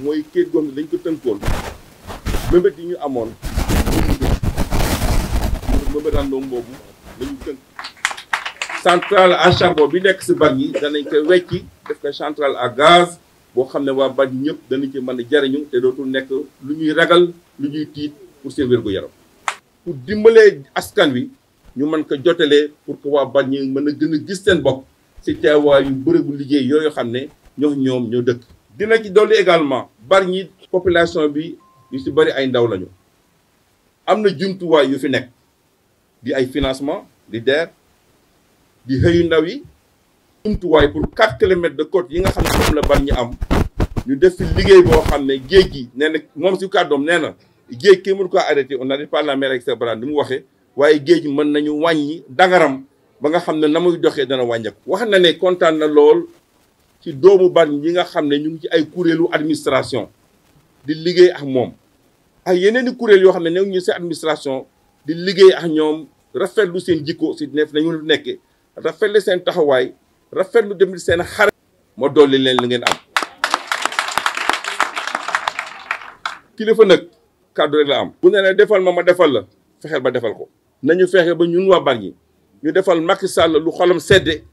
mooy kéet goom ne ko tënkoon mëbët yi ñu amoon mëbët àndoom boobu lañu tënk centrale à charbon bi nekk si Bargny danañ ko wecci def ko centrale à gaz boo xam ne waa Bargny ñëpp danañ ci mën a jariñu te dootul nekk lu ñuy ragal lu ñuy tiit pour seen wér gu yaram pour dimbalee askan wi ñu mën ko jotalee pour que waa Bargny mën a gën a gis seen bopp si teewaayu bërëbu liggéey yooyu xam ne ñoo ñoom ñoo dëkk dina ci dolli également bari ñi population bi yu si bari ay ndaw lañu am na jumtuwaay yu fi nekk di ay financement di DER di yu ndaw yi jumtuwaay pour 4 kilomètres de côte yi nga xam ne moom la bari ñi am ñu def fi liggéey boo xam ne géej gi nee nag moom ci kàddoom nee na géej ki mënu ko arrêté on n'arrête pas la mer avec ses bras ni mu waxee waaye géej mën nañu wàññi dangaram ba nga xam ne na muy joxee dana wàññeeku wax na ne kontaan na lool ci doomu Bargny ñi nga xam ne ñu ngi ci ay kuréelu administration di liggéey ak moom ak yeneen i kuréel yoo xam ne ñoo ngi ñu seen administration di liggéey ak ñoom rafetlu seen jikko si neef nañu nekk rafetlu seen taxawaay rafet lu dem seen xar ma dolli leen li ngeen am kilifa nag kàddu rek la am. bu ne defal ma ma defal la fexeel ba defal ko nañu fexe ba ñun waa Bargny ñu defal Macky Sall lu xolam sedde